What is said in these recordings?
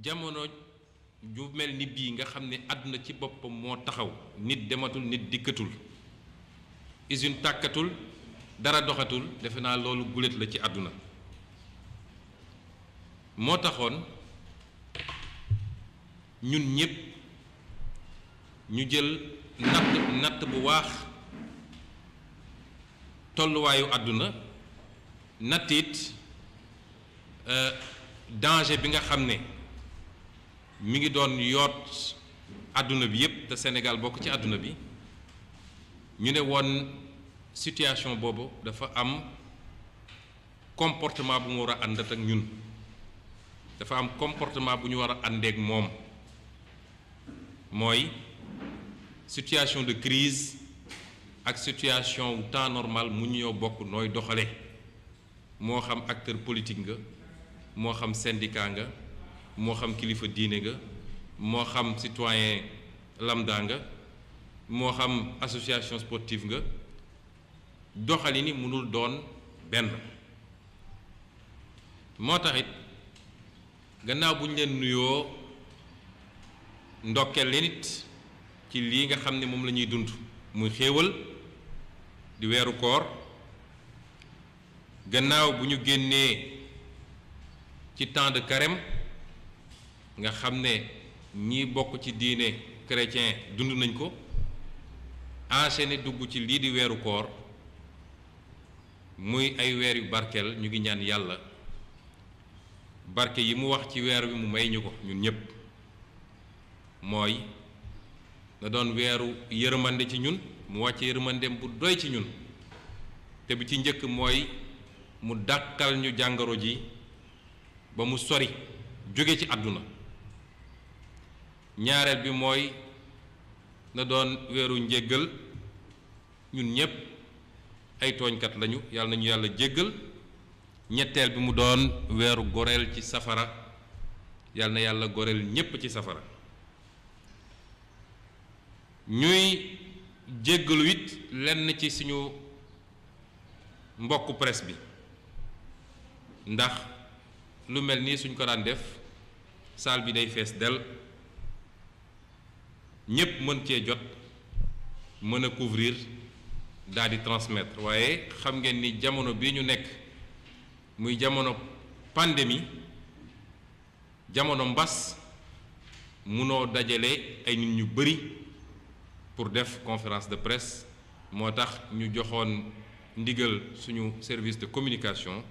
jamono ju mel ni bii nga xam ne àdduna ci boppam moo taxaw nit dematul nit dikkatul usine tàkkatul dara doxatul defe naa loolu gulet la ci àdduna moo taxoon ñun ñépp ñu jël natt natt bu waax tolluwaayu àdduna natt it euh, danger bi nga xam ne mi ngi doon yoot àdduna bi yépp te Sénégal bokk ci àdduna bi ñu ne woon situation boobu dafa am comportement bu mu war a ànd ak ñun dafa am comportement bu ñu war a àndeek moom mooy situation de crise ak situation wu temps normal mu ñoo bokk nooy doxale moo xam acteur politique nga moo xam syndicat nga moo xam kilifa diine nga moo xam citoyen lambda nga moo xam association sportive nga doxali ni mënul doon benn moo taxit gannaaw bu ñu leen nuyoo ndokkeel leen ci lii nga xam ne moom la ñuy dund muy xéewal di weeru koor gannaaw bu ñu génnee ci temps de carême nga xam ne ñi bokk ci diine chrétien dund nañ ko enchaîné dugg ci lii di weeru koor muy ay weer yu barkeel ñu ngi ñaan yàlla barke yi mu wax ci weer wi mu may ñu ko ñun ñépp mooy na doon weeru yërmande ci ñun mu wàcc yërmandeem bu doy ci ñun te bi ci njëkk mooy mu dàqal ñu jàngoro ji ba mu sori jóge ci àdduna ñaareel bi mooy na doon weeru njéggal ñun ñépp ay tooñkat lañu yàlla nañu yàlla jéggal ñetteel bi mu doon weeru goreel ci safara yàlla na yàlla goreel ñépp ci safara ñuy jéggalu it lenn ci suñu mbokku presse bi ndax lu mel nii suñ ko daan def saal bi day fees del ñëpp mën cee jot mën a couvrir daal di waaye xam ngeen ni jamono bi ñu nekk muy jamono pandémie jamono mbas munoo dajale ay nit ñu bëri pour def conférence de presse moo tax ñu joxoon ndigal suñu service de communication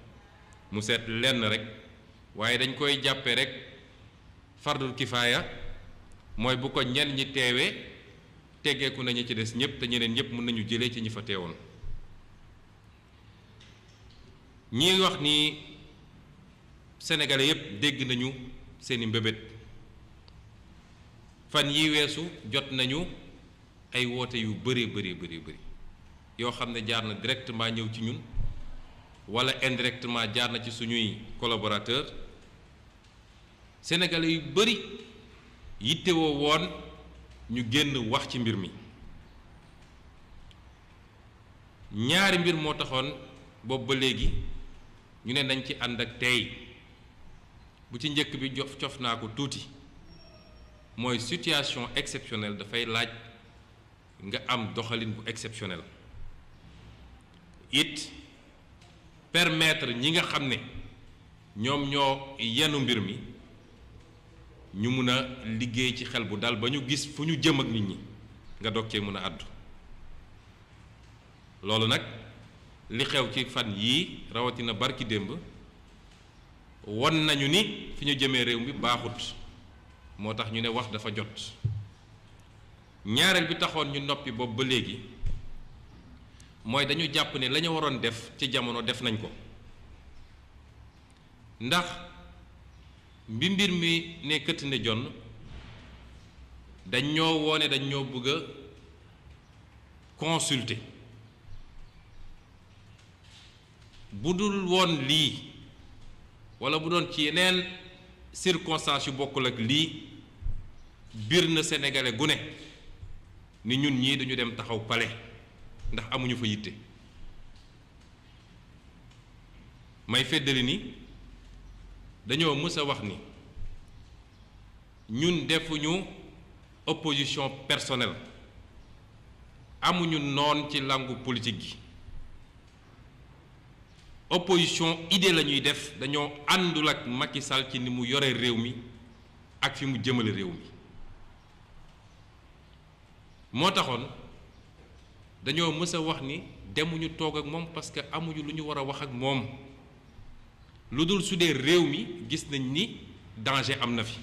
mu seet lenn rek waaye dañ koy jàppe rek fardul kifaaya mooy bu ko ñenn ñi teewee teggeeku nañu ci des ñëpp te ñeneen ñëpp mën nañu jëlee ci ñu fa teewoon ñi wax ni sénégalais yëpp dégg nañu seeni mbébét fan yi weesu jot nañu ay woote yu bëree bëri bëri bëri yoo xam ne jaar na directement ñëw ci ñun wala indirectement jaar na ci suñuy collaborateur sénégalais yu bëri yittewoo woon ñu génn wax ci mbir mi ñaari mbir moo taxoon boobu ba léegi ñu ne nañ ci ànd ak tey bu ci njëkk bi jof cof naa ko tuuti mooy situation exceptionnelle dafay laaj nga am doxalin bu exceptionnel it permettre ñi nga xam ne ñoom ñoo yenu mbir mi ñu mun a liggéey ci xel bu dal ba ñu gis fu ñu jëm ak nit ñi nga dog cee mun a àddu loolu nag li xew ci fan yii rawatina barki démb won nañu ni fi ñu jëmee réew mi baaxut moo tax ñu ne wax dafa jot ñaareel bi taxoon ñu noppi boobu ba léegi mooy dañu jàpp ne lañu waroon def ci jamono def nañ ko ndax bi mbir mi ne këtt ne jonn dañ ñoo woone dañ ñoo bëgg a consulter bu dul woon lii wala bu doon ci yeneen circonstances yu bokkul ak lii biir na senegale gu ne ni ñun ñii dañu dem taxaw pale ndax amuñu fa yitte may feddali ni dañoo mës wax ni ñun defuñu opposition personnelle amuñu noon ci langu politique gi opposition idée la ñuy def dañoo àndul ak Macky sal ci ni mu yore réew mi ak fi mu jëmale réew mi moo taxoon dañoo mës wax ni demuñu toog ak moom parce que amuñu lu ñu war a wax ak moom lu dul su dee réew mi gis nañ ni danger am na fi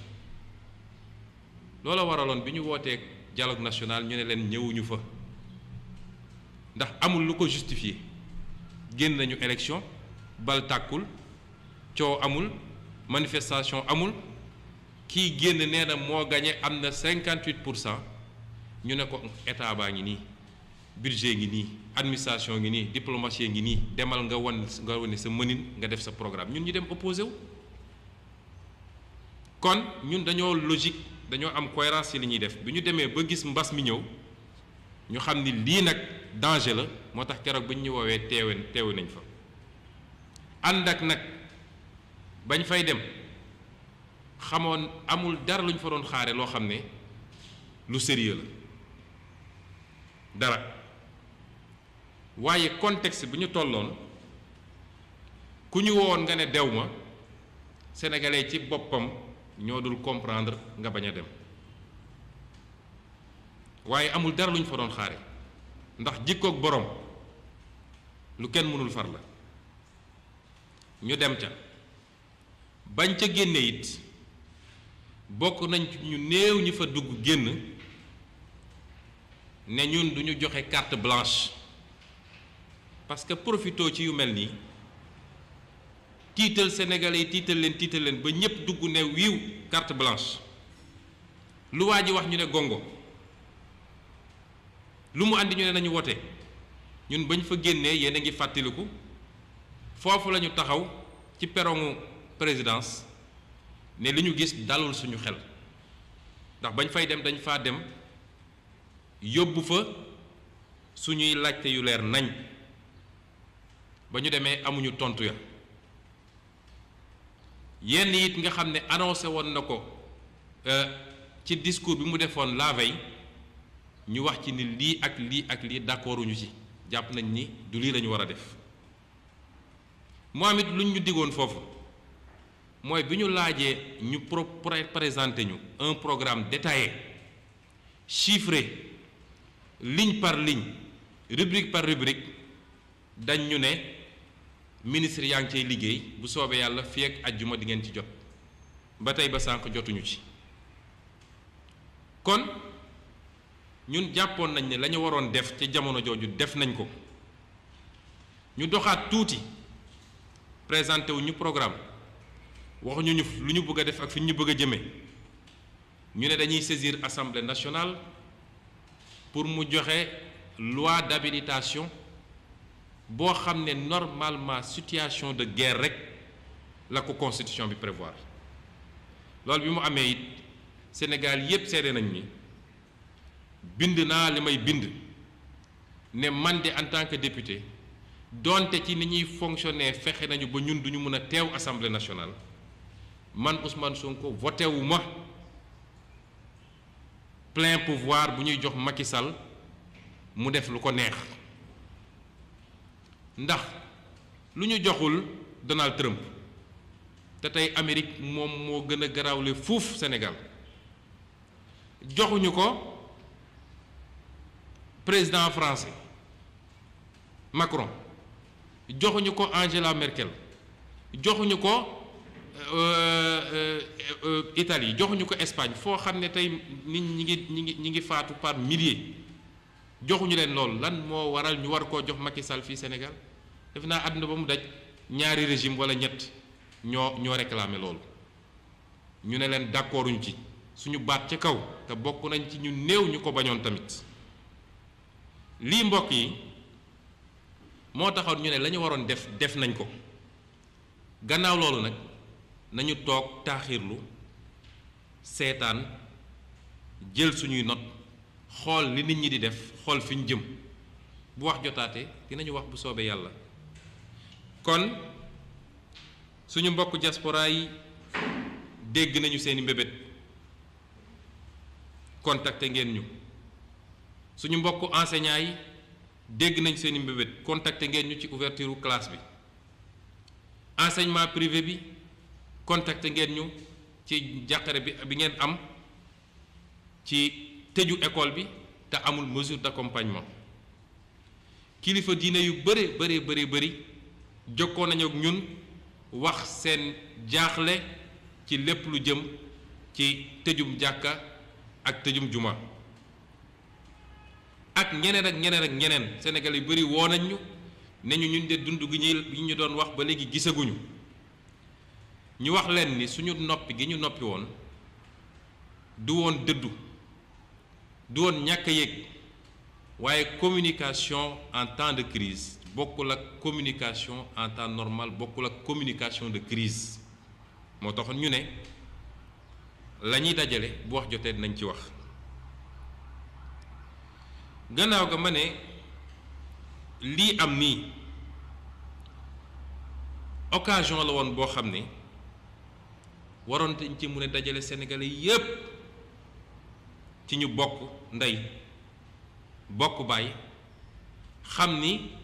loola waraloon bi ñu wootee dialogue national ñu ne leen ñëwuñu fa ndax amul lu ko justifier génn nañu élection bal tàkkul coow amul manifestation amul kii génn nee na moo gañe am na 58 pour cent ñu ne ko état baa ngi nii budget ngi nii administration ngi nii diplomatie ngi nii demal nga wan nga wane sa mënin nga def sa programme ñun ñu dem opposé wu kon ñun dañoo logique dañoo am cohérence ci li ñuy def bi ñu demee ba gis mbas mi ñëw ñu xam ni lii nag danger la moo tax keroog bu ñu ñu woowee teewe teewe nañ fa ànd ak nag bañ fay dem xamoon amul dara lu ñu fa doon xaare loo xam ne lu sérieux la dara waaye contexte bi ñu tolloon ku ñu woon nga ne dew ma sénégalais ci boppam ñoo dul comprendre nga bañ a dem waaye amul dara lu ñu fa doon xaare ndax jikkook boroom lu kenn mënul far la ñu dem ca bañ ca génne it bokk nañ ñu néew ñi fa dugg génn ne ñun duñu joxe carte blanche parce que profitoo ci yu mel nii tiital sénégalais yi tiital leen tiital leen ba ñëpp dugg ne wiiw carte blanche lu waa ji wax ñu ne gongo lu mu àndi ñu ne nañu woote ñun bañ fa génnee yéen a ngi fàttaliku foofu la ñu taxaw ci perrongu présidence ne li ñu gis dalul suñu xel ndax bañ fay dem dañ fa dem yóbbu fa suñuy laajte yu leer nañ ba ñu demee amuñu tontu ya yenn it nga xam ne annoncé woon na ko euh, ci discours bi mu defoon la ñu wax ci ni lii ak lii ak lii d'accorduñu ci jàpp nañ ni du lii lañu war a def mu am it luñ ñu digoon foofu mooy bi ñu laajee ñu pro présenté ñu un programme détaillé chiffré ligne par ligne rubrique par rubrique dañ ñu ne ministre yaa ngi cay liggéey bu soobee yàlla fii ak ajjuma di ngeen ci jot ba tey ba sànq jotuñu ci kon ñun jàppoon nañ ne lañu waroon def ca jamono jooju def nañ ko ñu doxaat tuuti présenté wu ñu programme waxuñu lu ñu bëgg a def ak fi ñu bëgg a jëmee ñu ne dañuy saisir assemblée nationale pour mu joxe loi d'habilitation boo xam ne normalement situation de guerre rek la ko constitution bi prévoir loolu bi mu amee it Sénégal yépp seede nañ ni bind naa li may bind ne man de en tant que député donte ci ni ñuy fonctionner fexe nañu ba ñun duñu mën a teew assemblée nationale man Ousmane Sonko voté wu ma pouvoir bu ñuy jox Macky Sall mu def lu ko neex. ndax lu ñu joxul Donald Trump te tey amerique moom moo gën a garaawle fuuf senegal joxuñu ko président français Macron joxuñu ko Angela Merkel joxuñu ko euh, euh, euh, Italie joxuñu ko Espagne foo xam ne tey nit ñi ngi ñi ngi ñi ngi faatu par milliers joxuñu leen loolu lan moo waral ñu war koo jox Macky Sall fii Sénégal def naa àdduna ba mu daj ñaari régime wala ñett ñoo ñoo réclamé loolu ñu ne leen d'accorduñ ci suñu baat ci kaw te bokk nañ ci ñu néew ñu ko bañoon tamit lii mbokk yi moo taxoon ñu ne lañu waroon def def nañ ko gannaaw loolu nag nañu toog taaxiirlu seetaan jël suñuy not xool li nit ñi di def xool fi ñu jëm bu wax jotaate dinañu wax bu soobee yàlla kon suñu mbokk diaspora yi dégg nañu seeni mbébét contacté ngeen ñu suñu mbokk enseignants yi dégg nañ seeni mbébét contacté ngeen ñu ci ouverture classe bi enseignement privé bi contacté ngeen ñu ci jàqare bi bi ngeen am ci tëju école bi te amul mesure d'accompagnement kilifa diine yu bëre bëre bëri bëri jokkoo nañu ak ñun wax seen jaaxle ci lépp lu jëm ci tëjum jàkka ak tëjum juma ak ñeneen ak ñeneen ak ñeneen senegal yu bëri woo nañ ñu ne ñu ñun de dund gi ñu doon wax ba léegi gisaguñu ñu wax leen ni suñu noppi gi ñu noppi woon du woon dëddu du woon ñàkk a waaye communication en temps de crise bokkul ak communication en temps normal bokkul ak communication de crise moo taxoon ñu ne lañuy dajale bu wax jotee nañ ci wax gannaaw ga ma ne lii am nii occasion la woon boo xam ne waroon nañ ci mun a dajale sénégalais yépp ci ñu bokk ndey bokk baay xam ni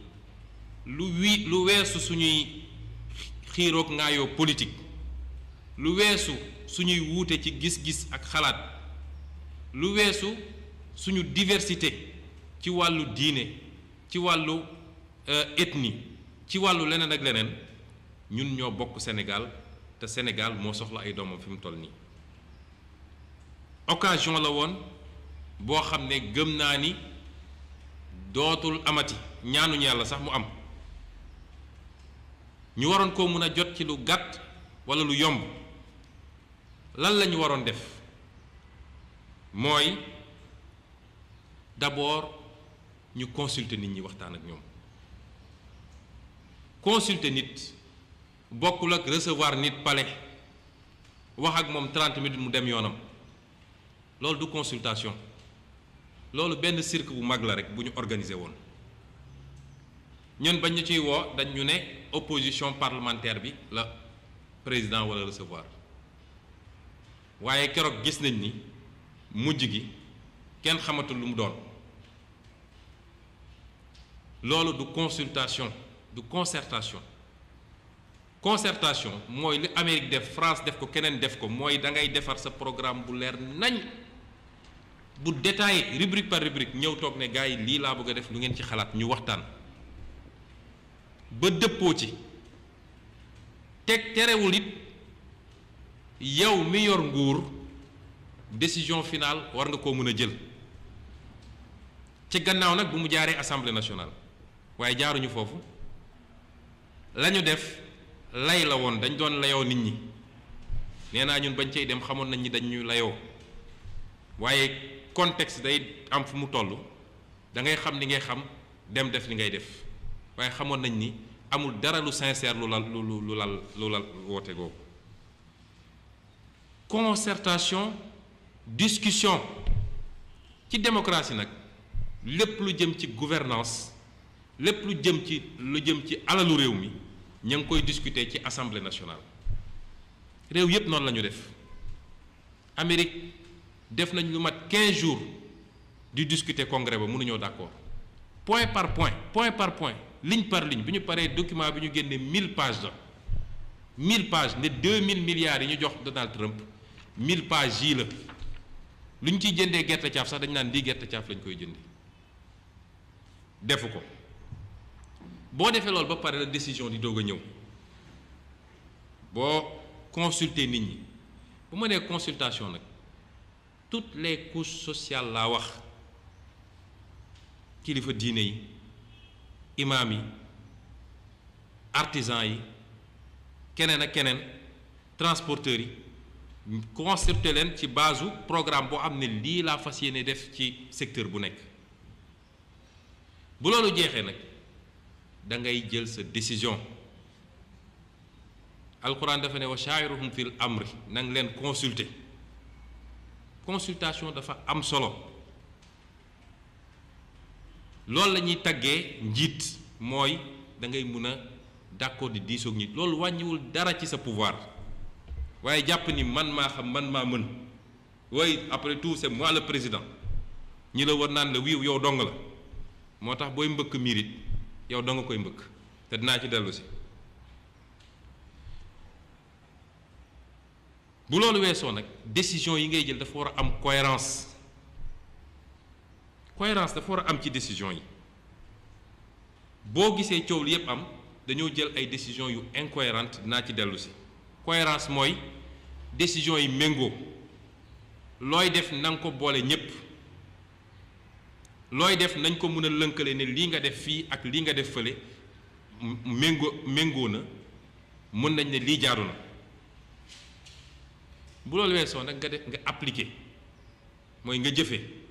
lu wii lu weesu suñuy xiiroog ngaayoo politique lu weesu suñuy wuute ci gis-gis ak xalaat lu weesu suñu diversité ci wàllu diine ci wàllu euh, ethnie ci wàllu leneen ak leneen ñun ñoo bokk Sénégal te senegaal moo soxla ay doomam fi mu toll nii occasion la woon boo xam ne gëm naa ni dootul amati ñaanuñu yàlla sax mu am ñu waroon koo mën a jot ci lu gàtt wala lu yomb lan la ñu waroon def mooy d'abord ñu consulter nit ñi waxtaan ak ñoom consulter nit bokkul ak recevoir nit pale wax ak moom 30 minutes mu dem yoonam loolu du consultation loolu benn cirque bu mag la rek bu ñu organiser woon ñun ba ñu ciy woo dañ ñu ne opposition parlementaire bi la président wala recevoir waaye keroog gis nañ ni mujj gi kenn xamatul lu mu doon loolu du consultation du consertation consertation mooy li Amérique def France def ko keneen def ko mooy da ngay defar sa programme bu leer nañ bu détaillé rubrique par rubrique ñëw toog ne gars yi lii laa bëgg def lu ngeen ci xalaat ñu waxtaan ba dëppoo ci teg terewul it yow mi yor nguur décision finale war nga koo mën a jël ci gannaaw nag bu mu jaaree assemblée nationale waaye jaaruñu foofu la ñu def lay la woon dañ doon layoo nit ñi nee naa ñun bañ cay dem xamoon nañ ñi dañ ñuy layoo waaye contexte day am fu mu toll dangay xam li ngay xam dem def li ngay def. waaye xamoon nañ ni amul dara lu sincère lu lal lu lu lu lal lu lal woote googu concertation discussion ci démocratie nag lépp lu jëm ci gouvernance lépp lu jëm ci lu jëm ci alalu réew mi ña ngi koy discuter ci assemblée nationale réew yépp noonu la ñu def Amérique def nañ lu mat 15 jours di discuter congrès ba mënuñoo d'accord point par point point par point ligne par ligne bu ñu paree document bi ñu génne mille pages la mille pages ne deux mille milliards yi ñu jox Donald Trump mille pages yii la lu ñu ciy jëndee gerte caaf sax dañu naan lii gerte caaf lañ koy jëndee defu ko boo defee loolu ba pare la décision di doog a ñëw boo consulter nit ñi bu ma nee consultation nag toutes les couche sociales laa wax kilifa diine yi. imaam yi artisan yi keneen a keneen transporteurs yi consulter leen ci base programme boo xam ne lii laa fas yéene def ci secteur bu nekk bu loolu jeexee nag da ngay jël sa décision alquran dafa ne wa shaa'iruhum fil amri nang leen consulter consultation dafa am solo loolu la ñuy taggee njiit mooy dangay mun a d'accord di diisoog nit loolu wàññiwul dara ci sa pouvoir waaye jàpp ni man maa xam man maa mën waaye après tout c'est moi le président ñi la war naan la wiiw yow dong la moo tax booy mbëkk miir yow dong koy mbëkk te dinaa ci dellu si bu loolu weesoo nag décision yi ngay jël dafa war a am cohérence cohérence dafa war a am ci décision yi boo gisee coow li yépp am dañoo jël ay décision yu incohérente naa ci dellu si cohérence mooy décision yi méngoo looy def na ko boole ñépp looy def nañ ko mën a lënkale ne lii nga def fii ak lii nga def fële méngoo méngoo na mën nañ ne lii jaaru na bu loolu weesoo nag nga def nga applike mooy nga jëfe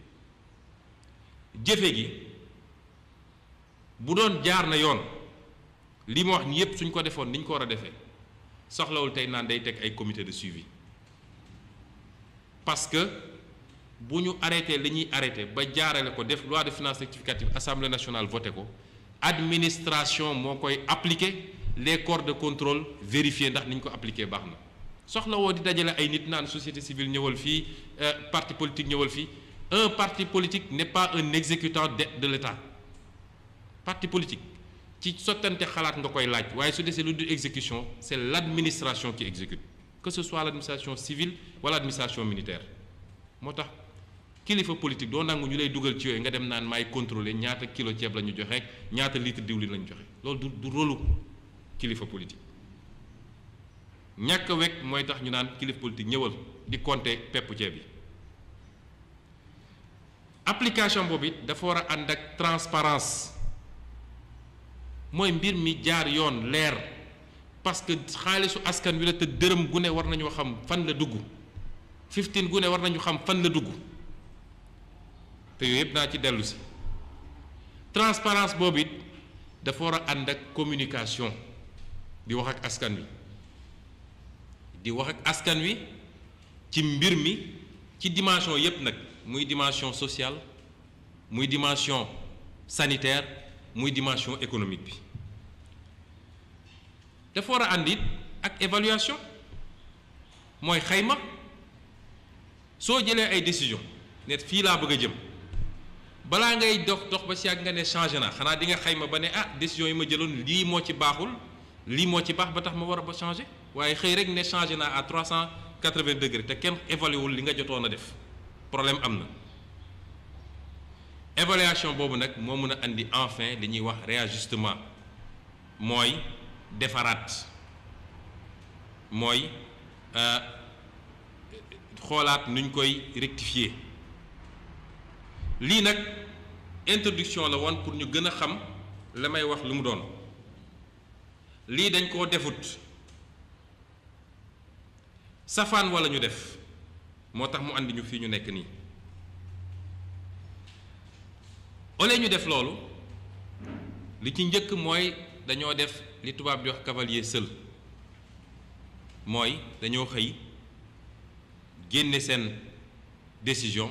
jëfe gi bu doon jaar na yoon li ma wax ni yépp suñ ko defoon ni ñu ko war a defee soxlawul tey naan day teg ay comité de suivi parce que bu ñu arrêté li ñuy arrêté ba jaarale ko def loi de finances rectificative assemblée nationale voté ko administration moo koy appliqué les corps de contrôle vérifié ndax ni ñu ko appliqué baax na soxlawoo di dajale ay nit naan société civile ñëwal fii euh, parti politique ñëwal fii un parti politique n'est pas un exécutant de de l'État parti politique ci sottante xalaat nga koy laaj waaye su desee lu dul exécution c'est l'administration qui exécute que ce soit l'administration civile wala administration militaire moo tax kilifa politique doo nangu ñu lay dugal ci yooyu nga dem naan may contrôler ñaata kilo ceeb la ñu joxe ñaata litre diwlin la ñu joxe loolu du du rôlu kilifa politique ñàkk a wekk mooy tax ñu naan kilifa politique ñëwal di compter pepp ceeb yi application boobu dafa war a ànd ak transparence mooy mbir mi jaar yoon leer parce que xaalisu askan wi la te dërëm gu ne war nañoo xam fan la dugg fifteen gu ne war nañu xam fan la dugg te yooyu yëpp naa ci dellusi si transparence boobu it dafa war a ànd ak communication di wax ak askan wi di wax ak askan wi ci mbir mi ci dimension yëpp nag muy dimension sociale muy dimension sanitaire muy dimension économique bi dafa war a ànd ak évaluation mooy xayma soo jëlee ay décision ne fii laa bëgg a jëm balaa ngay dox dox ba si yàgg nga ne changé naa xanaa di nga xayma ba ne ah décision yi ma jëloon lii moo ci baaxul lii moo ci baax ba tax ma war a ba changé waaye xëy rek ne changé naa à 380 degré te kenn évalué wul li nga jotoon a def problème am na évaluation boobu nag moo mën a indi enfin li ñuy wax réajustement mooy defaraat mooy euh, xoolaat nuñ koy rectifier lii nag introduction la woon pour ñu gën a xam la may wax lu mu doon lii dañ koo defut safaan walla ñu def moo tax mu andi ñu fii ñu nekk nii ole ñu def loolu li ci njëkk mooy dañoo def li tubaab di wax cavalier seul mooy dañoo xëy génne seen décision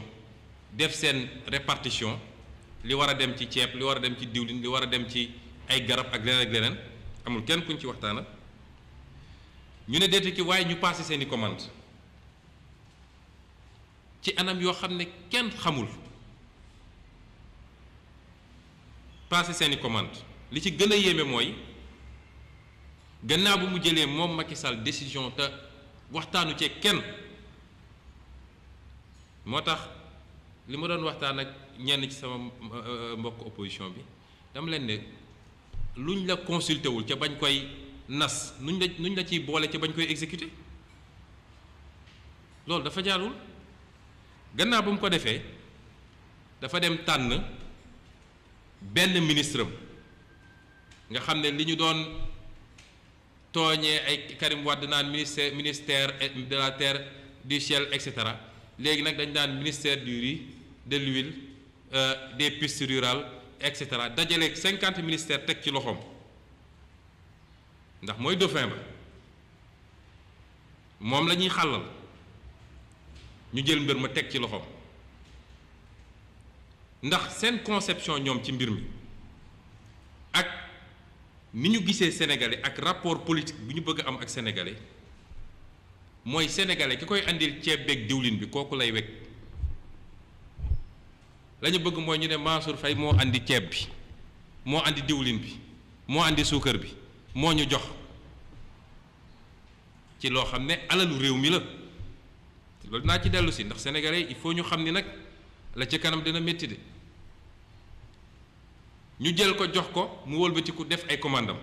def seen répartition li war a dem ci ceeb li war a dem ci diwlin li war a dem ci ay garab ak leneen ak leneen amul kenn kuñ ci waxtaana ñu ne deete ci waaye ñu passé seeni commande ci anam yoo xam ne kenn xamul passé seeni commande li ci gën a yéeme mooy gannaaw bu mu jëlee moom Macky Sall décision te waxtaanu cee kenn moo tax li ma doon waxtaan ak ñenn ci sama euh, mbokk opposition bi dama leen ne luñ la consulté wul ca bañ koy nas nuñ la nuñ la ciy boole ca bañ koy exécuté loolu dafa jaarul. gannaaw bi mu ko defee dafa dem tànn benn ministre am nga xam ne li ñu doon tooñee ay Karim Wade naan ministère ministère de la terre du ciel et cetera léegi nag dañ daan ministère du riz de l'huile euh, des pistes rurales et cetera dajaleeg cinquante ministères teg ci loxoom ndax mooy dauphin ba moom la ñuy xàllal ñu jël mbir ma teg ci loxoom ndax seen conception ñoom ci mbir mi ak ni ñu gisee sénégalais ak rapport politique bu ñu bëgg am ak sénégalais mooy sénégalais ki koy andil ceeb beeg diwlin bi kooku lay wekk la bëgg mooy ñu ne Mansour Faye moo indi ceeb bi moo indi diwlin bi moo andi suukar bi moo ñu jox ci loo xam ne alalu réew mi la. loolu naa ci dellu si ndax sénégalais il faut ñu xam ni nag la ca kanam dina métti de ñu jël ko jox ko mu wëlbatiku def ay commandam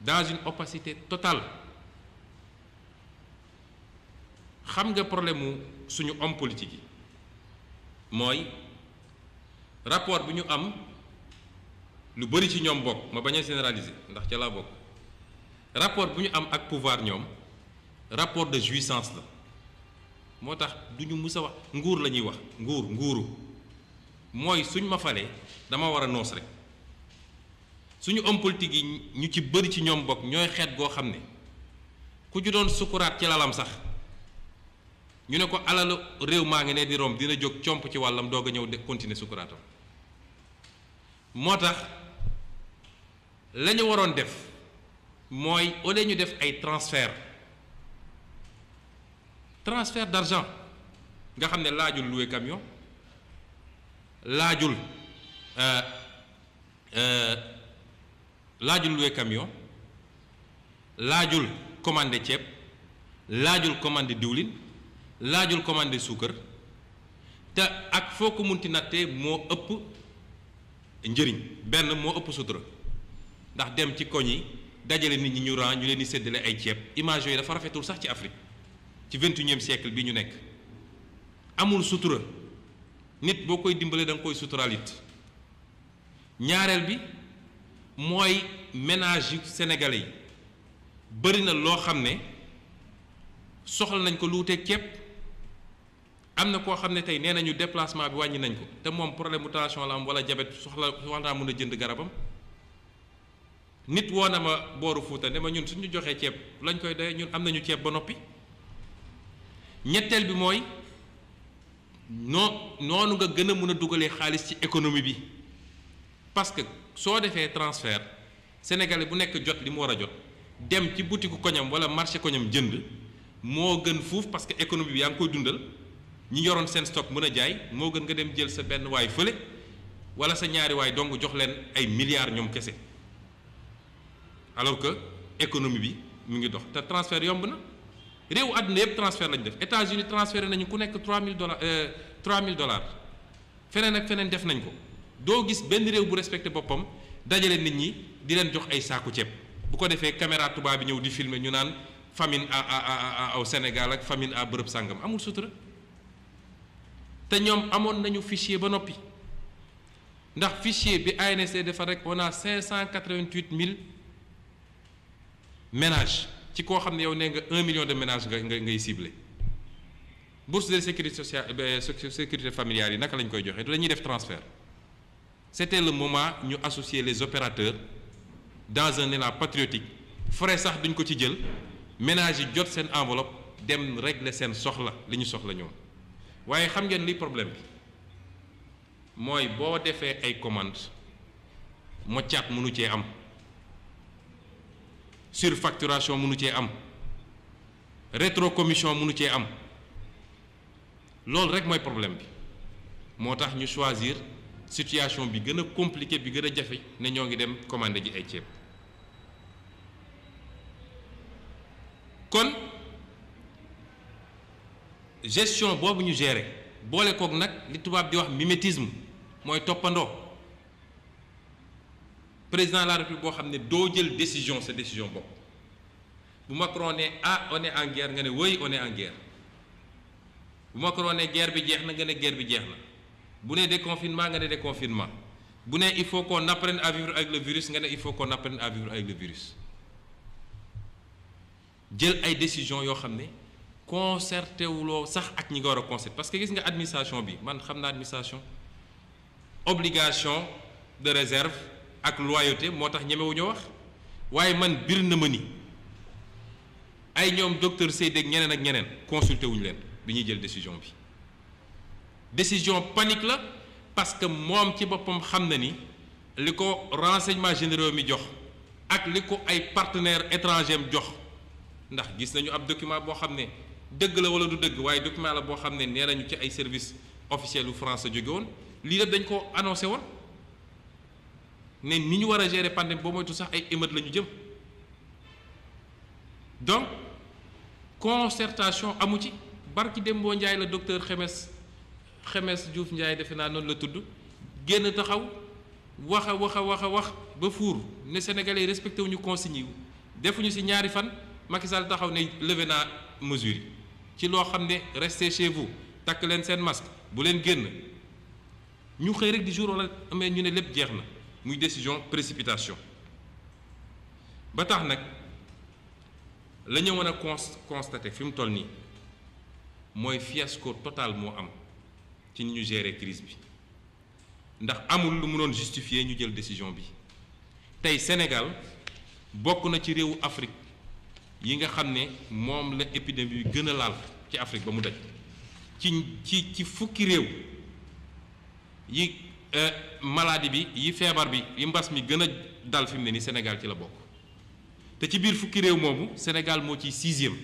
dans une opacité totale xam nga problème mu suñu homme politique yi mooy rapport bu ñu am lu bëri ci ñoom bokk ma bañ a généraliser ndax ca laa bokk rapport bu ñu am ak pouvoir ñoom rapport de jouissance la moo tax du ñu mus a wax nguur la ñuy wax nguur nguuru mooy suñ ma falee dama war a noos rek suñu homme politique yi ñu ci bëri ci ñoom bokk ñooy xeet goo xam ne ku ju doon sukkuraat ci lalam sax ñu ne ko alalu réew maa ngi ne di romb dina jóg comp ci wàllam doog a ñëw de continuer sukuraatam moo tax lañu waroon def mooy ole ñu def ay transfert transfert d'argent nga xam ne laajul louer camion laajul euh, euh, laajul louer camion laajul commander ceeb laajul commander diwlin laajul commander suukar te ak foo ko munti nattee moo ëpp njëriñ benn moo ëpp sutura ndax dem ci koñ yi dajale nit ñi ñu ran ñu leen di seddale ay ceeb image yooyu dafa rafetul sax ci Afrique ci vingt-et-unième siècle bi ñu nekk amul sutura nit boo koy dimbalee da koy suturaal it ñaareel bi mooy ménage yu sénégalais yi bëri na loo xam ne soxla nañ ko lu wuteeg ceeb am na koo xam ne tey nee nañu déplacement bi wàññi nañ ko te moom problème mu tension la am wala jabet soxla wax naa mën a jënd garabam nit woo na ma booru Fuuta ne ma ñun ñu joxee ceeb lañ koy doyee ñun am nañu ceeb ba noppi ñetteel bi mooy noo noonu nga gën a mën a dugalee xaalis ci économie bi parce que soo defee transfert sénégalais bu nekk jot li mu war a jot dem ci boutique koñam wala marché koñam jënd moo gën fuuf parce que économie bi yaa ngi koy dundal ñi yoroon seen stock mën a jaay moo gën nga dem jël sa benn waay fële wala sa ñaari waay dong jox leen ay milliards ñoom kese alors que économie bi mu ngi dox te transfert yomb na. réew àdduna yëpp transfert lañu def États-Unis transféré nañu ku nekk 3000 dollars 3000 dollars feneen ak feneen def nañ ko doo gis benn réew bu respecté boppam dajale nit ñi di leen jox ay saaku ceeb bu ko defee caméra tubaab bi ñëw di filmer ñu naan famine à aw Sénégal ak famine à bërëb sàngam amul sutura te ñoom amoon nañu fichier ba noppi ndax fichier bi ANC defar rek on a 588 000 ménages. ci koo xam ne yow nee nga un million de ménages nga nga ngay ciblé bourse de sécurité sociale eh sécurité familiale yi naka lañ koy joxe dañuy def transfert c'était le moment ñu associé les opérateurs dans un élan patriotique frais sax duñ ko ci jël ménages yi jot seen enveloppe dem régler seen soxla li ñu soxla ñoom waaye xam ngeen li problème bi mooy boo defee ay commandes moccaat mënu cee am. surfacturation mënu cee am rétrocommission mënu cee am loolu rek mooy problème bi moo tax ñu choisir situation bi gën a compliqué bi gën a jafe ne ñoo ngi dem commandé ji ay ceeb kon gestion boobu ñu gérer boole kook nag li tubaab di wax mimétisme mooy toppandoo président la république boo xam ne doo jël décision sa décision bopp bu Macron ne ah one est nga ne oui one est en guerre bu ne guerre bi jeex na nga ne guerre bi jeex na bu ne déconfinement nga ne confinement bu ne il faut qu'on apprenne à vivre avec le virus nga ne il faut qu'on apprenne à vivre avec le virus jël ay décision yoo xam ne concerté wuloo sax ak ñi nga war a concerté parce que gis nga administration bi man xam naa administration obligation de réserve ak loyauté moo tax ñemewuñoo wax waaye man bir na ma ni ay ñoom docteur Seydi ak ñeneen ak ñeneen consulté wuñu leen bi ñuy jël décision bi décision panique la parce que moom ci boppam xam na ni li ko renseignement généraux mi jox ak li ko ay partenaires étrangers mi jox ndax gis nañu ab document boo xam ne dëgg la wala du dëgg waaye document la boo xam ne nee nañu ci ay services officiels yu France a jóge woon lii lépp dañ ko annoncé woon ne ni ñu war a gérer pandémie boo moytu sax ay émeute la ñu jëm donc concertation amu ci barki Dembo Ndiaye la docteur Xemes Xemes Diouf Ndiaye defe naa noonu la tudd génn taxaw wax a wax a wax a wax ba fuur ne sénégalais respecté wuñu consignes yi defuñu si ñaari fan Macky Sall taxaw ne levé naa mesure ci loo xam ne restez chez takk leen seen masque bu leen génn ñu xëy rek di jour wala amee ñu ne lépp jeex na. muy décision précipitation ba tax nag la ñu mën a constaté fi mu toll nii mooy fiasco total moo am ci ni ñu gérer crise bi ndax amul lu mu mënoon justifier ñu jël décision bi tey Sénégal bokk na ci réewu Afrique yi nga xam ne moom la épidémie bi gën a laal ci Afrique ba mu daj ci ci ci fukki réew yi. Euh, maladie bi yi feebar bi yi mbas mi gën a dal fi ne ni Sénégal ci la bokk te ci biir fukki réew moomu Sénégal moo ci sixième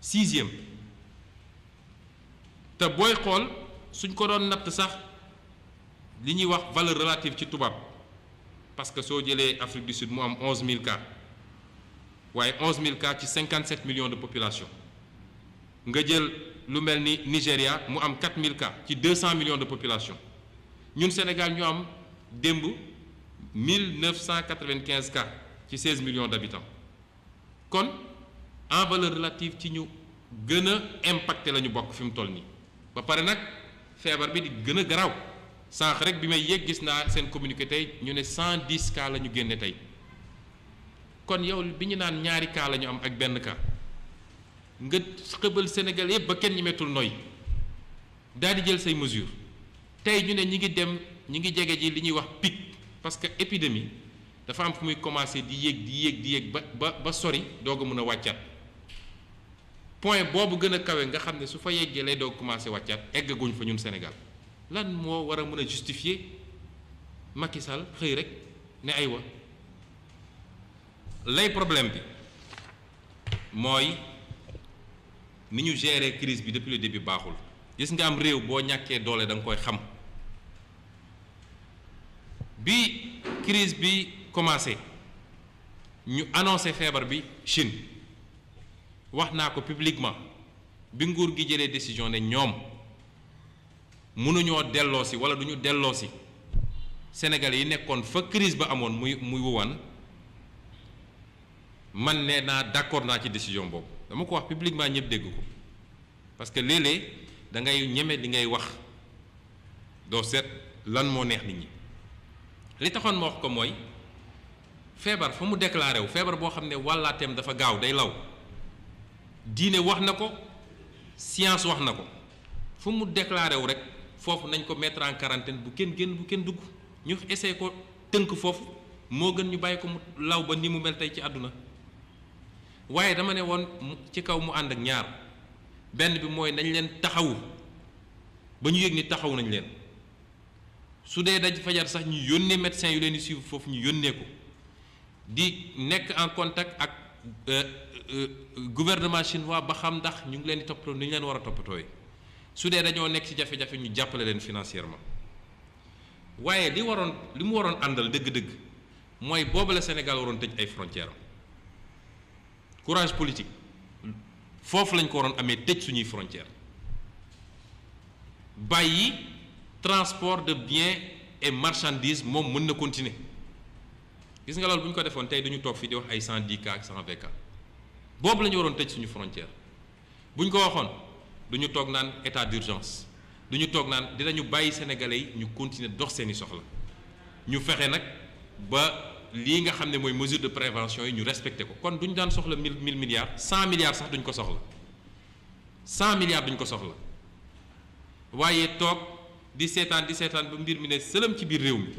sixième te booy xool suñ ko doon natt sax li ñuy wax valeur relative ci tubaab parce que soo jëlee Afrique du Sud mu am onze mille cas waaye onze mille cas ci cinquante sept millions de population nga jël lu mel ni Nigéria mu am quatre mille cas ci deux cent millions de population ñun Sénégal ñu am démb 1995 cas ci million millions d'habitants kon en valeur relative ci ñu gën a impacté la ñu bokk fi mu toll nii ba pare nag feebar bi di gën a garaaw sànq rek bi may yéeg gis naa seen communiqué tey ñu ne 110 cas la ñu génne tey kon yow bi ñu naan ñaari cas la ñu am ak benn cas nga xëbal Sénégal yëpp ba kenn ñemetul noy daal di jël say mesures. tey ñu ne ñi ngi dem ñi ngi jege ji li ñuy wax pic parce que épidémie dafa am fu muy commencé di yéeg di yéeg yéeg ba ba ba sori doog a mën a wàccaat point boobu gën a kawe nga xam ne su fa yeggee lay doog commencé wàccaat eggaguñ fa ñun senegal lan moo war a mën a justifier makisal xëy rek ne ay aywa lay problème bi mooy ni ñu gérer crise bi depuis le début baaxul gis nga am réew boo ñàkkee doole da nga koy xam. bi crise bi commencé ñu annoncé feebar bi Chine wax naa ko publiquement bi nguur gi jëlee décision ne ñoom mënuñoo delloo si wala du ñu delloo si Sénégalais yi nekkoon fa crise ba amoon muy muy wuwan man ne naa d'accord naa ci décision boobu dama ko wax publiquement ñëpp dégg ko parce que léeg-léeg da ngay ñeme li ngay wax doo seet lan moo neex nit ñi li taxoon ma wax ko mooy feebar fa mu déclaré wu feebar boo xam ne wàllaateem dafa gaaw day law diine wax na ko science wax na ko fu mu déclaré wu rek foofu nañ ko mettre en bu kenn génn bu kenn dugg ñu essayé ko tënk foofu moo gën ñu bàyyi ko mu law ba ni mu mel tey ci àdduna waaye dama ne woon ci kaw mu ànd ak ñaar benn bi mooy nañ leen taxawu ba ñu yëg ni taxaw nañ leen su dee daj fajar sax ñu yónnee médecin yu leen di suivre foofu ñu yónnee ko di nekk en contact ak euh, euh, gouvernement chinois ba xam ndax ñu ngi leen di toppatoo ni ñu leen war a toppatooy su dee dañoo nekk ci jafe-jafe ñu jàppale leen financièrement waaye li waroon li mu waroon àndal dëgg-dëgg mooy boobu la Sénégal waroon tëj ay frontières am courage politique foofu lañ ko waroon amee tëj suñuy frontières bàyyi. transport de bien et marchandises moom mën na continuer gis nga loolu bu ñu ko defoon tey duñu toog fii di wax ay cent dix ak cent vingt boobu la ñu waroon tëj suñu frontière bu ñu ko waxoon du ñu toog naan état d'urgence du ñu toog naan dinañu bàyyi sénégalais yi ñu continuer dox seeni soxla ñu fexe nag ba lii nga xam ne mooy mesure de prévention yi ñu respecté ko kon duñu daan soxla mille mille milliards cent milliards sax duñ ko soxla cent milliards duñ ko soxla waaye toog. di seetaan di seetaan ba mbir mi ne sëlëm ci biir réew mi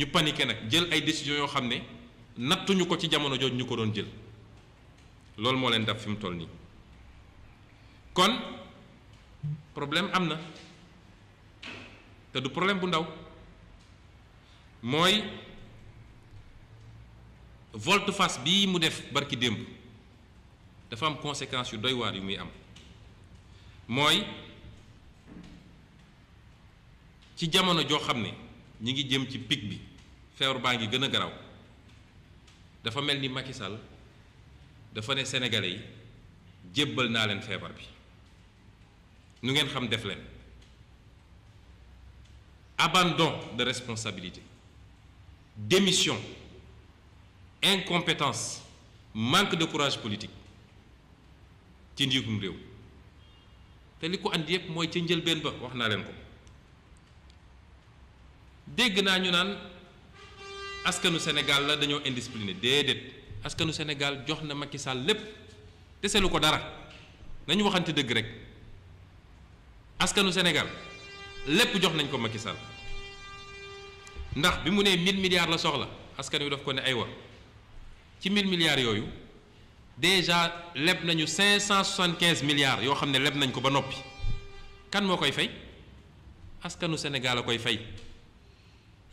ñu paniqué nag jël ay décisions yoo xam ne nattuñu ko ci jamono jooju ñu ko doon jël loolu moo leen dab fi mu toll nii kon problème am na te du problème bu ndaw mooy volte-face bii mu def barki démb dafa am conséquence yu doy yu muy am mooy. ci jamono joo xam ne ñi ngi jëm ci pick bi feebar baa ngi gën a garaw dafa mel ni Macky Sall dafa ne sénégalais yi jébbal naa leen feebar bi nu ngeen xam def leen abandon de responsabilité démission incompétence manque de courage politique ci njiitum réew te li ko andi yëpp mooy ca njëlbeen ba wax naa leen ko dégg naa ñu naan askanu Sénégal la dañoo indiscipliné déedéet askanu Sénégal jox na Macky Sall lépp deselu ko dara nañu waxante dëgg rek askanu Sénégal lépp jox nañ ko Macky Sall ndax bi mu nee 1000 milliards la soxla askan wi daf ko ne ay wa ci 1000 milliards yooyu déjà leb nañu 575 milliards yoo xam ne leb nañ ko ba noppi kan moo koy fay askanu Sénégal a koy fay.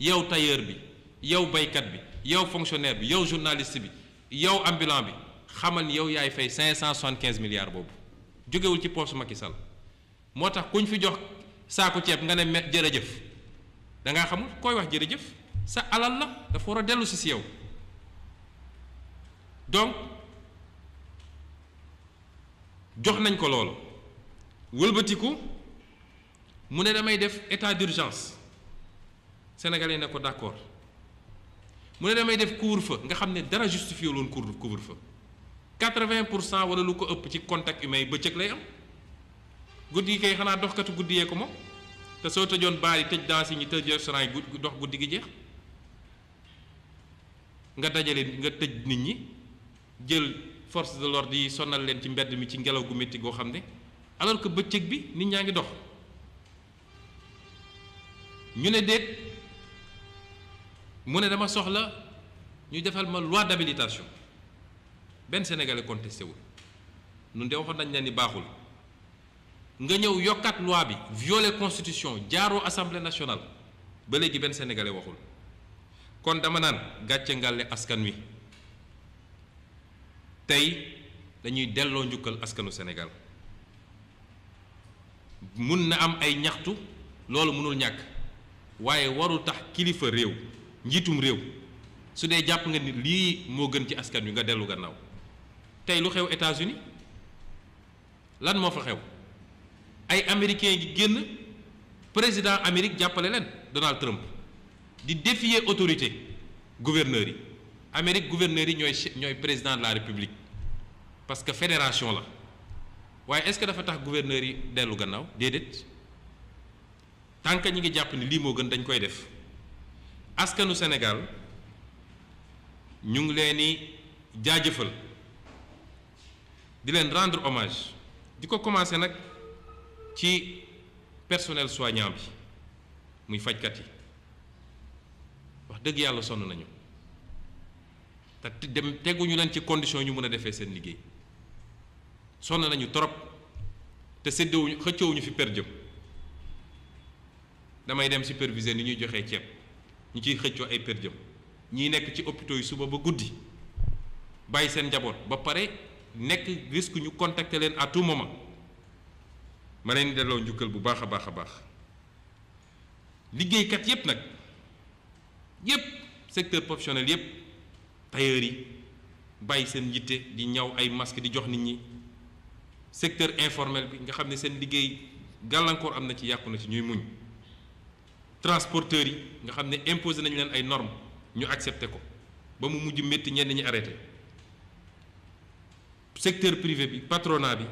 yow tailleur bi yow baykat bi yow fonctionnaire bi yow journalist bi yow ambulant bi xamal ni yow yaay fay 575 milliards boobu jógewul ci poche Macky sal moo tax kuñ fi jox saaku ceeb nga ne me jërëjëf da ngaa xamul koy wax jërëjëf sa alal la dafa war a dellu si si yow donc jox nañ ko loolu wëlbatiku mu ne damay def état d'urgence sénégalais ne ko d'accord mu ne damay def couvre-feu nga xam ne dara justifié loon couvre-feu quatre-vingt pour cent wala lu ko ëpp ci contact humain may bëccëg lay am guddi gi kay xanaa doxkati guddi yee ko moom te soo tëjoon baar yi tëj danse yi ñu tëj restaurant yi dox guddi gi jeex nga dajale nga tëj nit ñi jël force de l'ordre yi sonal leen ci mbedd mi ci ngelaw gu métti goo xam ne alors que bëccëg bi nit ñaa ngi dox ñu ne déet mu ne dama soxla ñu defal ma loi d'habilitation benn sénégalais contesté wul ñun de waxoon nañ la ni baaxul nga ñëw yokkaat loi bi violer constitution jaaroo assemblée nationale ba léegi benn sénégalais waxul kon dama naan gàcce ngale askan wi tey dañuy delloo njukkal askanu Sénégal mun na am ay ñaxtu loolu mënul ñàkk waaye warul tax kilifa réew. njiitum réew su dee jàpp nga ni lii moo gën ci askan wi nga dellu gannaaw tey lu xew états uni lan moo fa xew ay américains gi génn président Amérique jàppale leen Donald Trump di défier autorité gouverneurs yi Amérique gouverneurs yi ñooy ñooy président la République parce que fédération la waaye est-ce que dafa tax gouverneurs yi dellu gannaaw déedéet tant que ñi ngi jàpp ni lii moo gën dañ koy def. askanu Sénégal ñu ngi leen di jaajëfal di leen rendre hommage di ko commencé nag ci personnel soignant bi muy fajkat yi wax dëgg yàlla sonn nañu te dem teguñu leen ci condition ñu mën a defee seen liggéey sonn nañu trop te séddewuñu xëccoowuñu fi per jëm damay dem superviser ni ñuy joxe ceeb. ñu ciy xëccoo ay per diem ñiy nekk ci hôpitaux yi suba ba guddi bàyyi seen njaboot ba pare nekk risque ñu contacter leen à tout moment ma leen delloo njukkal bu baax a baax a baax liggéeykat yépp nag yépp secteur professionnel yépp tailleur yi bàyyi seen yitte di ñaw ay masque di jox nit ñi secteur informel bi nga xam ne seen liggéey gàllankoor am na ci yàqu na ci ñuy muñ transporteurs yi nga xam ne imposé nañu leen ay normes ñu accepté ko ba mu mujj métti ñenn ñi arrêté secteur privé bi patronat bi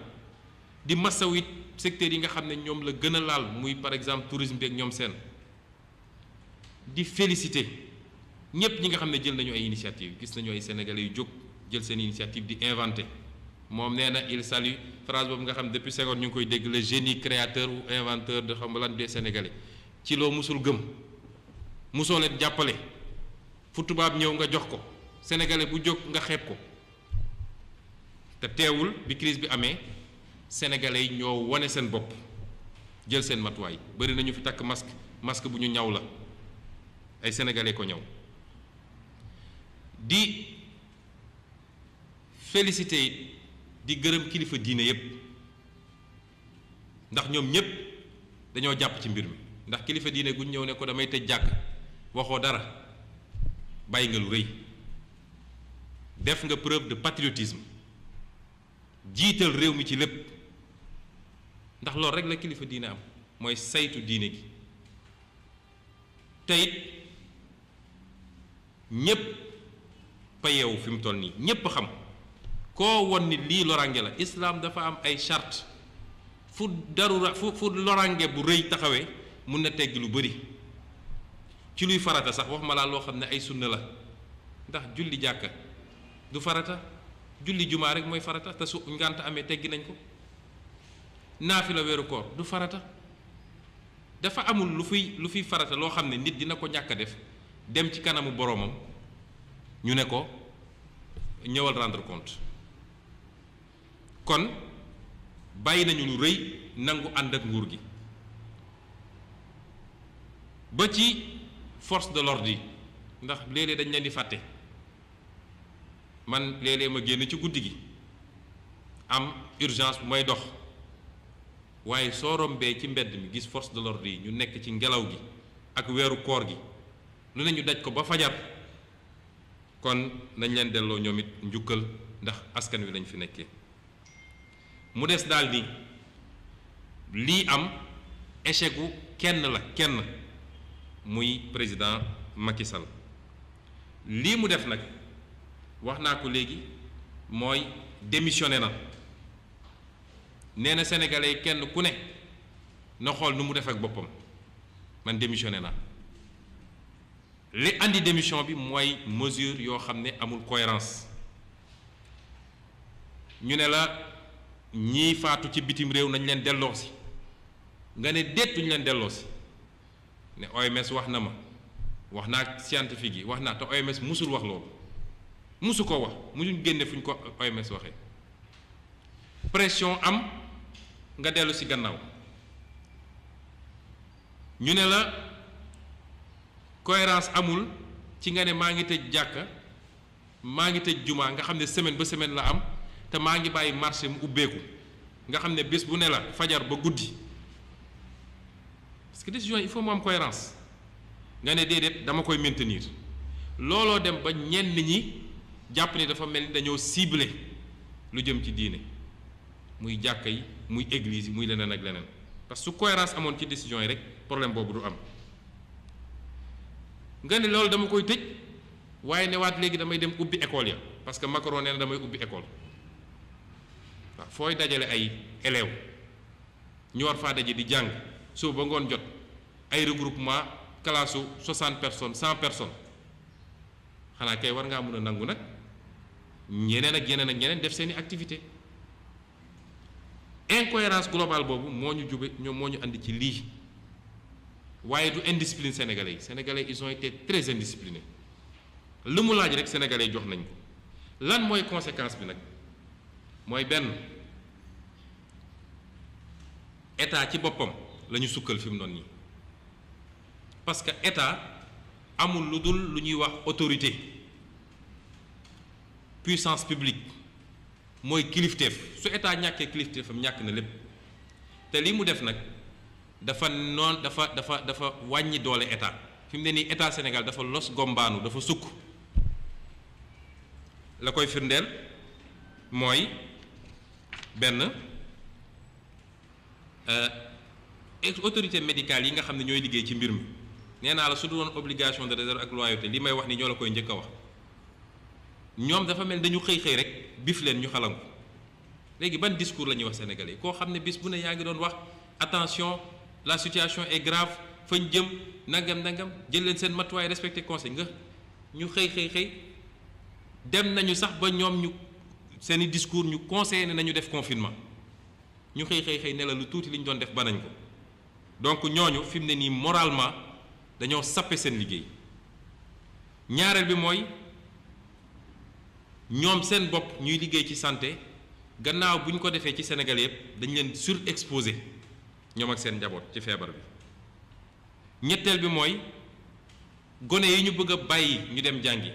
di massaw it secteurs yi nga xam ne ñoom la gën a laal muy par exemple tourisme bi ak ñoom seen di félicité ñépp ñi nga xam ne jël nañu ay initiative gis nañu ay sénégalais yu jóg jël seen initiative di inventé moom nee na il salue phrase boobu nga xam ne depuis Senghor ñu ngi koy dégg le génie créateur ou inventeur de xam lan des sénégalais ci loo musul gëm musoo leen jàppale fu tubaab ñëw nga jox ko sénégalais bu jóg nga xeeb ko te teewul bi crise bi amee sénégalais yi ñoo wane seen bopp jël seen matuwaay bëri nañu fi takk masque masque bu ñu ñaw la ay sénégalais ko ñaw di félicité di gërëm kilifa diine yépp ndax ñoom ñépp dañoo jàpp ci mbir mi ndax kilifa diine gu ñëw ne ko damay tëj jàkk waxoo dara bàyyi nga lu rëy def nga preuve de patriotisme jiital réew mi ci lépp ndax loolu rek la kilifa diine am mooy saytu diine gi teyit ñépp payewu fi mu toll nii ñépp xam koo won ni lii lorange la islaam dafa am ay charte fu darura fu fu lorange bu rëy taxawee mun na tegg lu bari ci luy farata sax wax ma laa loo xam ne ay sunna la ndax julli jàkka du farata julli jumaa rek mooy farata te su amee teggi nañ ko naafila weeru koor du farata dafa amul lu fiy lu fiy farata loo xam ne nit dina ko ñàkk def dem ci kanamu boroomam ñu ne ko ñëwal rendre compte kon bàyyi nañu lu rëy nangu ànd ak nguur gi ba ci force de l'ordre yi ndax léeg-léeg dañ leen di fàtte man léeg-léeg ma génn ci guddi gi am urgence bu may dox waaye soo rombee ci mbedd mi gis force de l'ordre yi ñu nekk ci ngelaw gi ak weeru koor gi lu ne ñu daj ko ba fajar kon nañ leen delloo ñoom it njukkal ndax askan wi lañ fi nekkee mu des daal ni lii am échec kenn la kenn muy président makisal lii mu def nag wax naa ko léegi mooy démissionné na nee na sénégalais kenn ku ne na xool nu mu def ak boppam man démissionné na li indi démission bi mooy mesure yoo xam ne amul cohérence ñu ne la ñii faatu ci bitim réew nañ leen delloo si nga ne déet duñ leen delloo si ne OMS wax na ma wax naa ak scientifique yi wax naa te OMS musul wax loolu mosu ko wax musuñ génne fu ñu ko OMS waxee pression am nga dellu si gannaaw ñu ne la cohérence amul ci nga ne maa ngi tëj jàkka maa ngi tëj jumaa nga xam ne semaine ba semaine la am te maa ngi bàyyi marché mu ubbeeku nga xam ne bés bu ne la fajar ba guddi parce que décision il faut mu am cohérence nga ne déedéet dama koy maintenir looloo dem ba ñenn ñi jàpp ni dafa mel ni dañoo ciblé lu jëm ci diine muy jàkka yi muy église yi muy leneen ak leneen parce que su cohérence amoon ci décision yi rek problème boobu du am nga ne loolu dama koy tëj waaye newaat léegi damay dem ubbi école ya parce que Macron nee na damay ubbi école waaw fooy dajale ay élèves ñu war faa daje di jàng suba ba ngoon jot ay regroupement classe soixante personne cent personnes xanaa kay war ngaa mën a nangu nag ñeneen ak yeneen ak ñeneen def seeni activité incohérence globale boobu moo ñu jube ñoom moo ñu indi ci lii waaye du indiscipline sénégalais yi sénégalais ison ont été très indisciplinés lu mu laaj rek sénégalais yi jox nañ ko lan mooy conséquence bi nag mooy benn état ci boppam. lañu ñu sukkal fi mu noon nii parce que état amul lu dul lu ñuy wax autorité puissance publique mooy kilifteef su état ñàkkee kilifteefam ñàkk na lépp te lii mu def nag dafa noon dafa dafa dafa wàññi doole état fi mu ne nii état senegal dafa los gombaanu dafa sukk la koy firndeel mooy benn. Euh, autorité médicale yi nga xam ne ñooy liggéey ci mbir mi nee naa la su doon obligation de réserve ak loyauté li may wax ni ñoo la koy njëkk wax ñoom dafa mel dañu xëy xëy rek bif leen ñu xalangu léegi ban discours la ñuy wax sénégalais koo xam ne bis bu ne yaa ngi doon wax attention la situation et grave fañ jëm nangam nangam jël leen seen matuwaay respecté conseil nga ñu xëy xëy xëy dem nañu sax ba ñoom ñu seeni discours ñu conseillé ne nañu def confinement ñu xëy xëy xëy ne la lu tuuti li ñu doon def banañ ko. donc ñooñu fi mu ne nii moralement dañoo sappe seen liggéey ñaareel bi mooy ñoom seen bopp ñuy liggéey ci santé gannaaw bu ñu ko defee ci Sénégal yëpp dañu leen exposé ñoom ak seen njaboot ci feebar bi ñetteel bi mooy gone yi ñu bëgg bàyyi ñu dem jàngi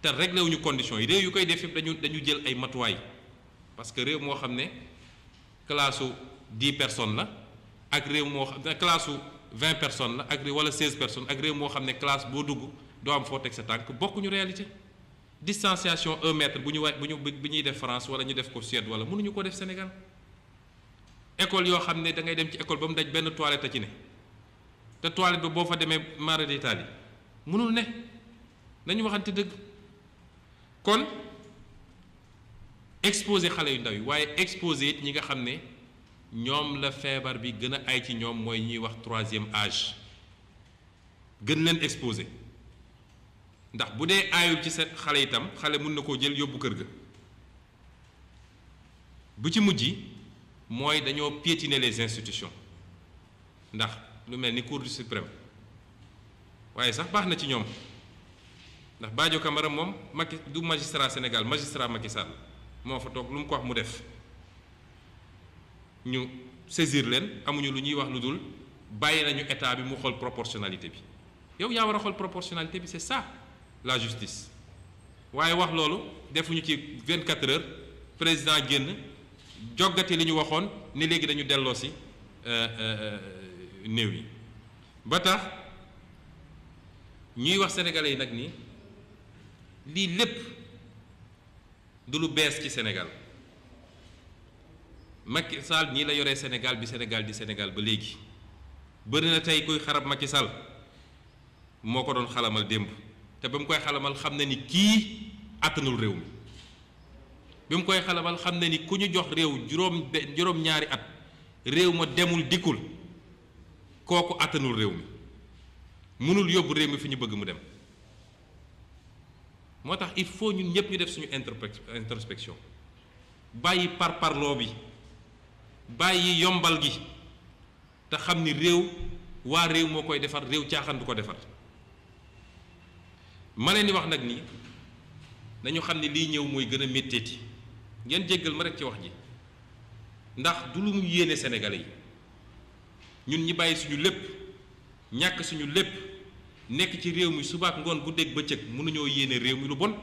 te réglé wuñu conditions yi réew yu koy def yëpp dañu dañu jël ay matuwaay parce que réew moo xam ne classe di personne na ak réew moo xam ne classe vingt 20 personnes la ak réew wala 16 personnes ak moo xam ne classe boo dugg doo am foo sa tànk bokkuñu réalité distanciation 1 mètre bu ñu wa bu ñu bi ñuy def France wala ñu def ko Suède wala ñu ko def Sénégal école yoo xam ne da ngay dem ci école ba mu daj benn toilette ci ne te toilette ba boo fa demee mara d'Italie mënul ne nañu waxante dëgg kon exposé xale yu ndaw yi waaye exposé it ñi nga xam ne. ñoom la feebar bi gën a ay ci ñoom mooy ñuy wax troisième age gën leen exposé ndax bu dee aayul ci sa xale itam xale mun na koo jël yóbbu kër ga bu ci mujj mooy dañoo piétiner les institutions ndax lu mel ni cour du suprême waaye sax baax na ci ñoom ndax Badio Camara moom Macky du magistrat Sénégal magistrat Macky Sall moo fa toog lu mu ko wax mu def ñu saisir leen amuñu lu ñuy wax lu dul bàyyi nañu état bi mu xool proportionnalité bi yow yaa war a xool proportionnalité bi c'est ça la justice waaye wax loolu defuñu ci 24 heures président génn joggati li ñu waxoon ni léegi dañu delloo si euh, euh, néew yi ba tax ñuy wax sénégale yi nag ni lii lépp du lu bees ci Sénégal Macky Sall nii la yoree Sénégal bi Sénégal di Sénégal ba léegi bëri na tey kuy xarab Macky Sall moo ko doon xalamal démb te ba mu koy xalamal xam na ni kii àttanul réew mi bi mu koy xalamal xam na ni ku ñu jox réew juróom juróom-ñaari at réew ma demul dikkul kooku àttanul réew mi mënul yóbbu réew mi fi ñu bëgg mu dem moo tax il faut ñun ñëpp ñu def suñu introspection bàyyi par parloo bi bàyyi yombal gi te xam ni réew waa réew moo koy defar réew caaxaan ko defar ma leen di wax nag ni nañu xam ni lii ñëw mooy gën a métteeti ngeen jéggal ma rek ci wax ji ndax du lu mu yéene Sénégalais yi ñun ñi bàyyi suñu lépp ñàkk suñu lépp nekk ci réew mi subaat ngoon ba guddeeg bëccëg mënuñoo yéene réew mi lu bon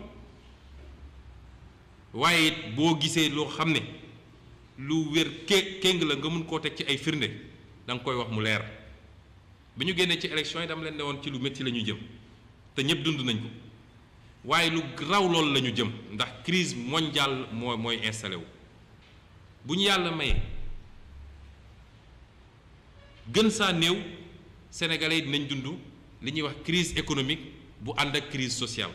waaye it boo gisee loo xam ne. lu wér ké kéng la nga mun koo teg ci ay firnde da nga koy wax mu leer bi ñu génnee ci élection yi dama leen ne woon ci lu metti la jëm te ñëpp dund nañ ko waaye lu raw loolu lañu jëm ndax crise mondiale moo mooy installé wu bu ñu yàlla maye gën saa néew sénégalais yi dinañ dund li ñuy wax crise économique bu ànd ak crise sociale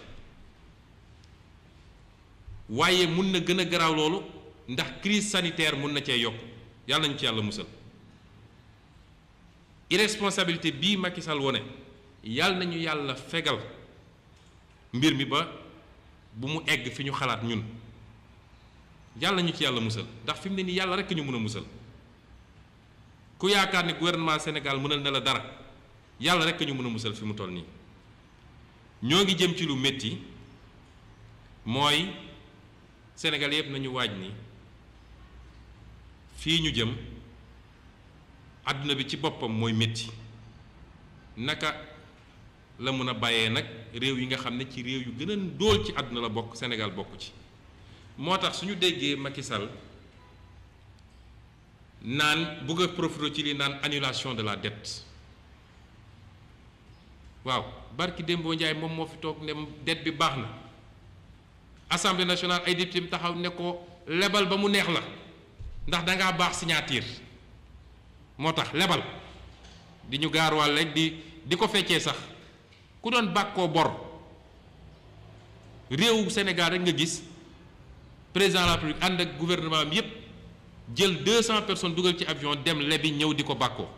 waaye mun na gën a garaaw loolu ndax crise sanitaire mun na cee yokk yàlla nañu ci yàlla musal irresponsabilité bii Macky Sall wone yàlla nañu yàlla fegal mbir mi ba bu mu egg fi ñu xalaat ñun yàlla ñu ci yàlla musal ndax fi mu ne ni yàlla rekk ñu mën a musal ku yaakaar ne gouvernement Sénégal mënal na la dara yàlla rekk ñu mën a musal fi mu toll nii ñoo ngi jëm ci lu metti mooy Sénégal yëpp nañu waaj ni fii ñu jëm àdduna bi ci boppam mooy metti naka la mën a bàyyee nag réew yi nga xam ne ci réew yu gën a ndóol ci àdduna la bokk senegal bokk ci moo tax suñu déggee Macky Sall naan bëgg a ci li naan annulation de la dette waaw barki Dembo Ndiaye moom moo fi toog ne dette bi baax na assemblée nationale ay député taxaw ne ko lebal ba mu neex la ndax dangaa baax signature moo tax lebal di ñu gaaruwaal rek di di ko feccee sax ku doon bàkkoo bor réewu senegal rek nga gis président de République ànd ak gouvernement am yépp jël deux cent personnes dugal ci avion dem lebi ñëw di ko bàkkoo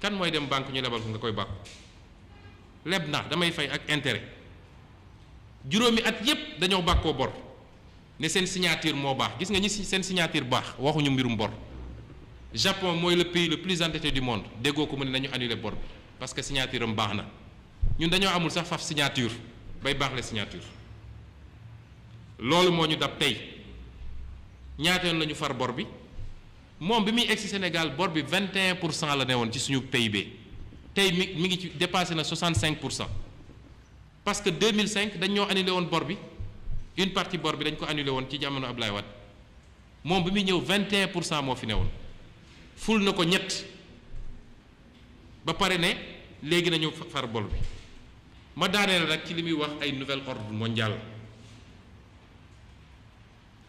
kan mooy dem banque ñu lebal ko nga koy bàkku leb na damay fay ak intérêt juróomi at yépp dañoo bàkkoo bor ne seen signature moo baax gis nga ñi si seen signature baax waxuñu mbirum bor Japon mooy le pays le plus endetté du monde déggoo ko mu ne nañu annulé bor bi parce que signature am baax na ñun dañoo amul sax faf signature bay baax la signature loolu moo ñu dab tey ñaata yoon la far bor bi moom bi muy si Sénégal bor bi vingt 21 pour cent la ne woon ci suñu PIB tey mi mi ngi ci dépassé na 65 pour cent parce que 2005 dañ ñoo annulé woon bor bi. une partie bor bi dañ ko annulé woon ci jamono Abdoulaye wat moom bi muy ñëw vingt 21 pour cent moo fi newoon ful na ko ñett ba pare ne léegi nañu far bor bi ma daaneele rek ci li muy wax ay nouvel ordre mondial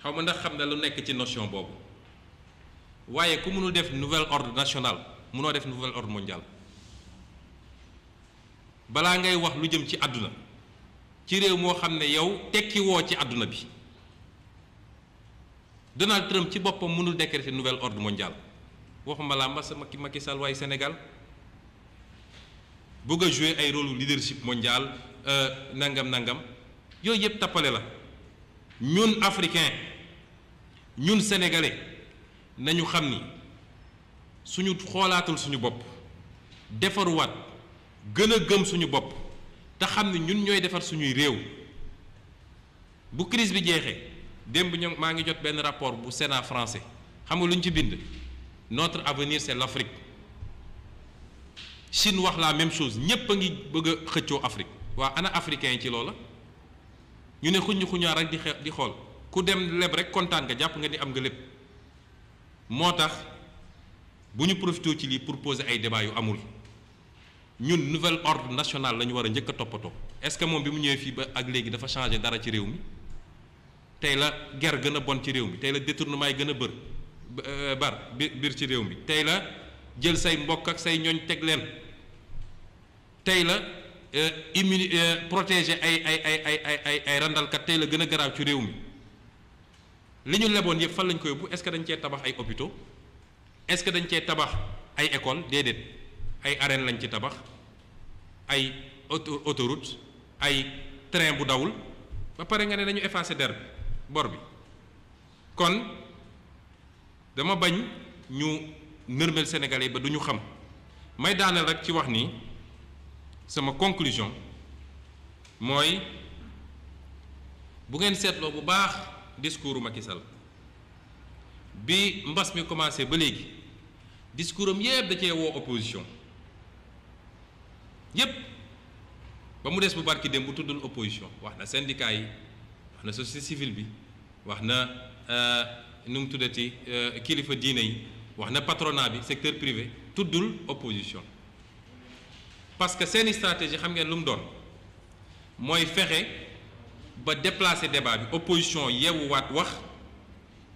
xaw ma ndax xam ne lu nekk ci notion boobu waaye ku mënul def nouvel ordre national mënoo def nouvel ord mondiale balaa ngay wax lu jëm ci àdduna ci réew moo xam ne yow tekki woo ci àdduna bi Donald Trump ci boppam mënul décréter nouvel ordre mondial waxuma laa mbas Macky Macky Sall waaye senegal bëgg a ay rôle leadership mondial euh, nangam nangam yooyu yëpp tappale la ñun africain ñun sénégalais nañu xam ni suñu xoolaatul suñu bopp defaruwaat gën a gëm suñu bopp te xam ne ñun ñooy defar suñuy réew bu crise bi jeexee démb ñoom maa ngi jot benn rapport bu Sénat français xam nga lu ñu ci bind notre avenir c'est l'Afrique Chine wax la même chose ñépp a ngi bëgg xëccoo Afrique waa ana africain yi ci loola ñu ne xuñu xuñaar rek di xool ku dem leb rek kontaan nga jàpp nga di am nga lépp moo tax bu ñu profité ci lii pour poser ay débat yu amul ñun nouvel ordre national la ñu war a njëkk a toppatoo est-ce que moom bi mu ñëwee fii ba ak léegi dafa changé dara ci réew mi tey la guerre gën a bon ci réew mi tey la détournement yi gën a bër euh, bar biir ci réew mi tey la jël say mbokk ak say ñooñ teg leen tey la euh, immuni euh, protéger ay ay ay ay ay ay ay randalkat tey la gën a garaaw ci réew mi li ñu leboon yëpp fan lañ koy yóbbu est-ce que dañ cee tabax ay hôpitaux est-ce que dañ cee tabax ay écoles déedéet. ay arène lañ ci tabax ay auto autoroute ay train bu dawul ba pare nga ne dañu effacer der bi bor bi kon dama bañ ñu nërmel sénégalais ba duñu xam may daaneel rek ci wax ni sama conclusion mooy bu ngeen seetloo bu baax discours Macky bi mbas mi commencé ba léegi discours am yépp da cee woo opposition yépp ba mu des bu barki dem bu tuddul opposition wax na syndicat yi wax na société civile bi wax na euh, nu ti tuddati euh, kilifa diine yi wax na patronat bi secteur privé tuddul opposition parce que seeni stratégie xam ngeen lu mu doon mooy fexe ba déplacer débat bi opposition yeewu wax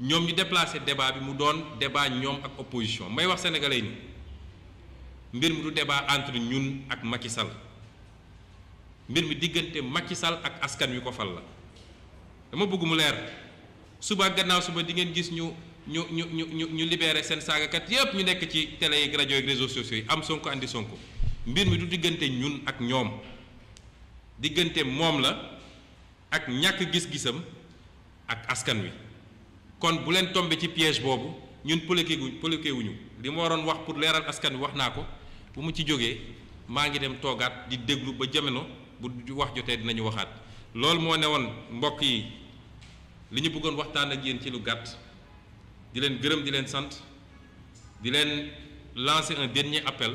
ñoom ñu déplacer débat bi mu doon débat ñoom ak opposition may wax sénégalais nii mbir mi du débat entre ñun ak Macky sal mbir mi diggante Macky sal ak askan wi ko fal la dama bëgg mu leer suba gannaaw suba dingeen gis ñu ñu ñu ñu ñu ñu libéré seen saagakat yépp ñu nekk ci télé yi rajo yi réseaux sociaux yi am Sonko andi Sonko mbir mi du diggante ñun ak ñoom diggante moom la ak ñàkk gis-gisam ak askan wi kon bu leen tombé ci piège boobu ñun pëlëke gu pëlëke wuñu li ma waroon wax pour leeral askan wi wax naa ko bu mu ci jógee maa ngi dem toogaat di déglu ba jamono bu ju wax jotee dinañu waxaat loolu moo ne woon mbokk yi li ñu bëggoon waxtaan a yéen ci lu gàtt di leen gërëm di leen sant di leen lancé un dernier appel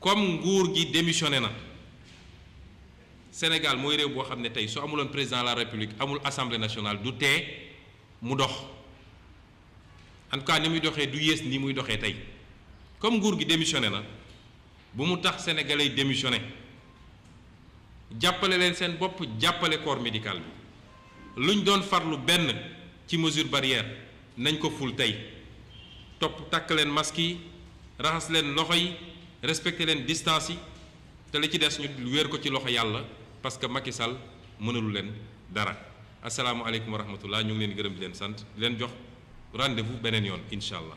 comme nguur gi démissionné na Sénégal mooy réew boo xam ne tey soo amuloon président la République amul assemblée nationale du tee mu dox en ni muy doxee du yées ni muy doxee tey comme nguur gi démissionné na. bu mu tax sénégalais yi démissionné jàppale leen seen bopp jàppale corps médical bi lu luñ doon farlu benn ci mesure barrière nañ ko ful tey topp takk leen maski raxas leen loxo yi respecté leen distance yi te li ci des ñu wéer ko ci loxo yàlla parce que Macky Sall mënalu leen dara asalaamualeykum wa rahmatullah ñu ngi leen gërëm di leen sant leen jox rendez-vous beneen yoon incha allah